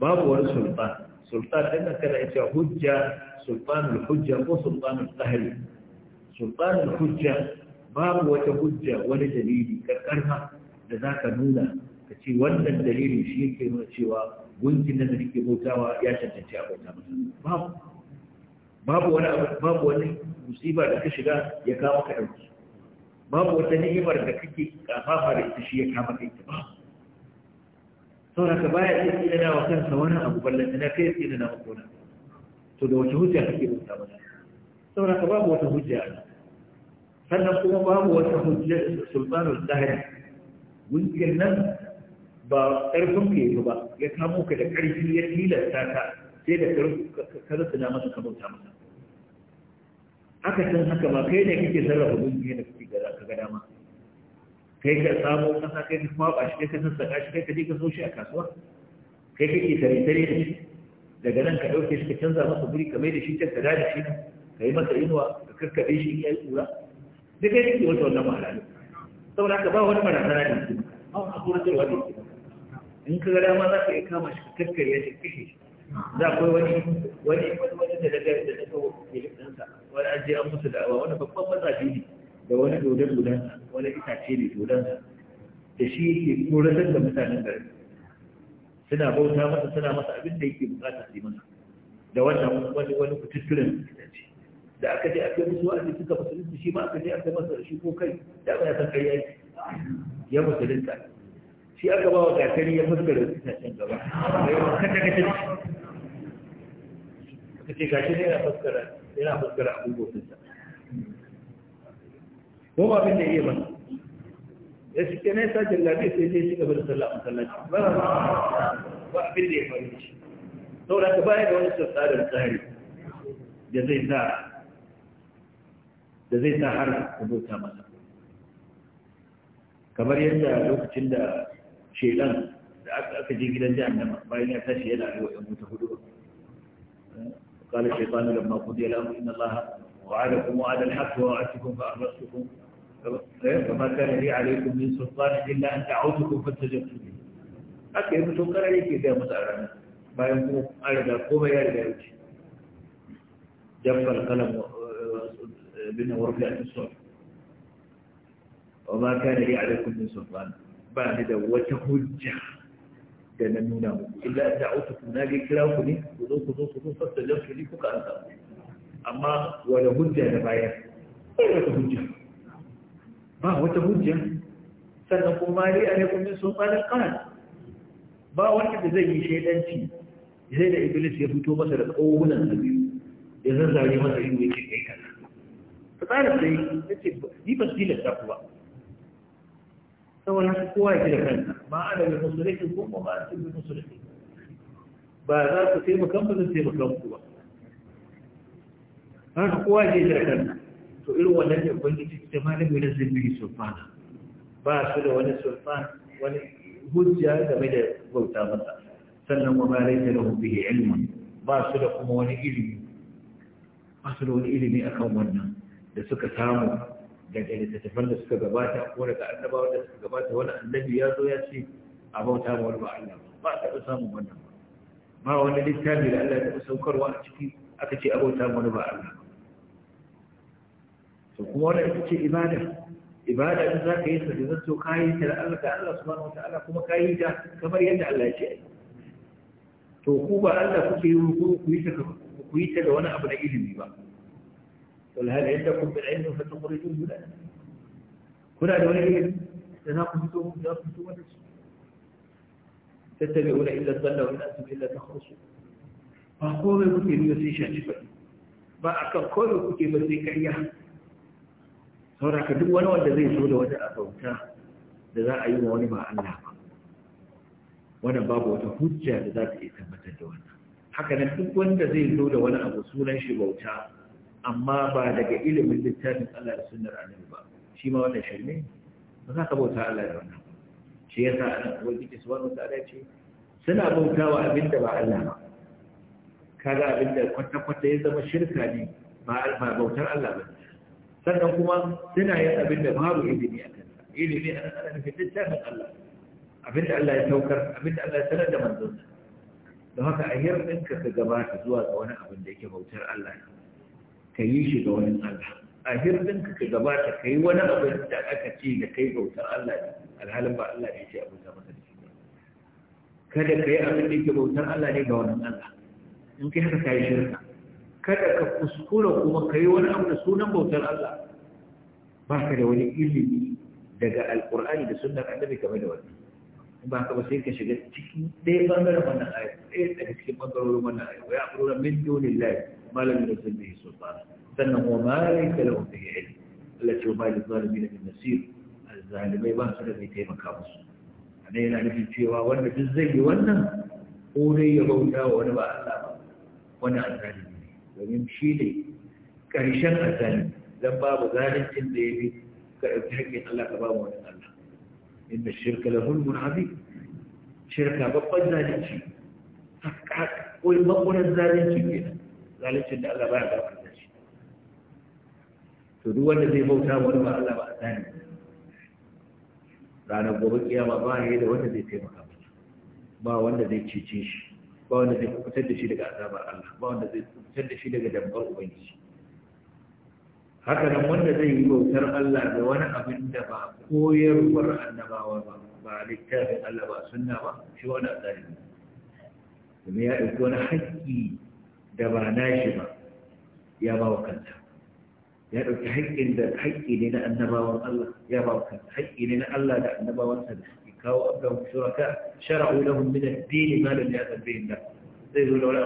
babu wani sultan sultan ɗin nan kana ita hujja sultanul hujja ko sultanul qahri sultanul hujja babu wata hujja wani dalili karkarma da za ka nuna ka ce wannan dalilin shi yake nuna cewa gunkin da nake bautawa ya cancanci a bauta masa babu babu wani abu babu wani musiba da ka shiga ya kawo ka ɗauki babu wata ni'imar da kake kafafa da ita shi ya kama ka ita ba saboda ka baya iya tsinana wa kansa wani abu ballanta na kai tsinana wa kona to da wace hujja kake bauta mata saboda ka babu wata hujja a sannan kuma babu wata hujja sultanul zahiri gunkin nan ba ƙarfin ka yi ba ya kamo ka da ƙarfi ya tilasta ka sai da su na masa ta masa aka san haka ba kai ne kake sarrafa dukiya da kake ka ga dama kai ka samu kasa kai ka kuma shi kai ka saka shi kai ka je ka so shi a kasuwa kai kake tare tare da shi daga nan ka ɗauke shi ka canza masa guri ka mai da shi can ka dada shi ka yi masa inuwa ka karkaɗe shi in ya yi ƙura duk kai kake wata wannan mahalali saboda haka ba wani barazana da mutum ba kuma cewa da mutum in ka ga dama za ka iya kama shi ka karkarya shi kashe shi da akwai wani wani wani da daga da daga filin ɗansa wani an je an musu wani babban matsafi ne da wani dodon dodonsa wani itace ne dodon da shi yake koratar da mutanen gari suna bauta masa suna masa abin da yake bukata su yi masa da wannan wani wani kututturen itace da aka je aka yi musu wa'azi suka musulunci shi ma aka je aka masa shi ko kai da ba ya san kai ya musulunta shi aka ba wa gatari ya fuskar da suna can gaba kata kata ka ce gashi ne yana fuskara, yana fuskar abubuwan sa ko ba abin da iya ba. ya shi ke nesa jallabi sai zai ci gaba da sallah a masallaci ba ba abin da ya faru da shi saboda ka baya da wani sassa da tsari da zai sa da zai sa har ka bauta masa kamar yadda lokacin da şeyden akıcı girince anlamak. Bayın yeter şeyler o mutahudu. قال الشيطان لما قضي الامر ان الله وعدكم وعد الحق ووعدتكم فاخلصتكم إيه؟ فما كان لي عليكم من سلطان الا ان تعودكم فاستجبتم لي. اكيد بتنكر عليك يا مسعرنا ما ينكو على ذا قوم يا رجاوتي. جف القلم بنا ورفعت الصوت. وما كان لي عليكم من سلطان ba ni da wata hujja da na nuna mu. illa da auta ku na ga kira ku ne ku zo ku zo ku zo fasta jan ne kuka an samu amma wani hujja da bayan ba wata hujja ba wata hujja sannan kuma mali a ne kuma sun fara kan ba wanda da zai yi shaidanci sai da iblis ya fito masa da tsohunan sa biyu ya zazzare masa yin yake kai kaza ta tsara sai ya ce ni ba su tilasta ku ba saboda haka kowa ya da kansa ma ana bi musulunci kuma ma an bi musulunci ba za ku taimaka ba zan taimaka ku ba haka kowa ya da kanta, to irin wannan ne ubangiji ta malami na zirbi sulfana ba su da wani sulfan wani hujja game da bauta masa sannan wa malai da lahu bihi ilmun ba su da kuma wani ilimi ba su da wani ilimi akan wannan da suka samu daga littattafan da suka gabata ko daga annabawa da suka gabata wani annabi ya zo ya ce a bauta ma wani ba'ala ba a taɓa samun wannan ba ba wani littafi da Allah ya taɓa saukarwa a ciki aka ce a bauta ma wani ba to kuma wani ita ce ibada ibada in za ka yi sa da zato ka yi ta da Allah ta Allah subhanahu wataala kuma ka yi ta kamar yadda Allah ya ce to ku ba Allah kuke yi ku yi ta da wani abu na ilimi ba قل هل عندكم بالعلم فتخرجوه لنا كل هذا وليد تناقضتم جرمت ونسوا تتبعون الا الظن وان انتم الا تخرصون فاقول لكم ان يسيش اجفا فاقول لكم ان يسيك اياها سورة كدوة وانت ذي سورة وانت أفوتا لذا أيوة ولما أنها وانا بابا وتهجى لذا تئتمت الدوانا حكا نتوك وانت ذي سورة وانا أبو سورة شبوتا amma ba daga ilimin littafin Allah da sunnar annabi ba shi ma wannan shirme ba za ka bauta Allah da wannan shi yasa ana ubangiji wata ala ce suna bautawa abin da ba Allah ba kaga abin da kwata-kwata ya zama shirka ne ba bautar Allah ba sannan kuma suna yin abin da babu ilimi a kansa ilimi a nan ana nufin littafin Allah abin da Allah ya saukar abin da Allah ya sanar da manzon da haka a hirɗinka ka gabata zuwa ga wani abin da yake bautar Allah ne ka yi shi ga wani Allah a hirdin ka ka gabata ka yi wani abu da aka ce da kai bautar Allah ne alhalin ba Allah ne ce abu da masa da kada ka yi abin da ke bautar Allah ne ga wani Allah in kai haka ka yi shirka kada ka kuskura kuma ka yi wani abu da sunan bautar Allah ba ka da wani ilimi daga alkur'ani da sunan annabi game da wani. wannan ba ka ba sai ka shiga cikin ɗaya ɓangaren wannan ayat ɗaya daga cikin ɓangarorin wannan ayat wa ya ƙururan min dunin lahi ما لم ينزل به سلطان sannan kuma ma laika lahum bihi ilm allati wa ba'd zalimin min nasir azzalimai ba su da mai taimaka musu ana yana nufin cewa wanda duk zai yi wannan ko dai ya bauta wa wani ba Allah ba wani azzalimi ne domin shi ne ƙarshen azzalimi dan babu zalincin da ya bi ka ɗauki haƙƙin Allah ka ba mu wani Allah inda shirka shirka babban zalunci zaluncin da Allah baya da shi to duk wanda zai bauta wani ba Allah ba a tsani ranar gobe kiyama ba ya da wanda zai taimaka masa ba wanda zai cece shi ba wanda zai kubutar da shi daga azabar Allah ba wanda zai kubutar da shi daga dambar ubangiji haka nan wanda zai yi bautar Allah da wani abin da ba koyarwar annabawa ba ba littafin Allah ba sunna ba shi wani azabi ne ya ɗauki wani haƙƙi da ba nashi ba ya ba wa kanta ya ɗauki haƙƙin da haƙƙi ne na annabawan Allah ya ba wa kanta haƙƙi ne na Allah da annabawansa da suke kawo abin shuraka shara'u lahum min ad-din ma lam ya'zan zai zo da wani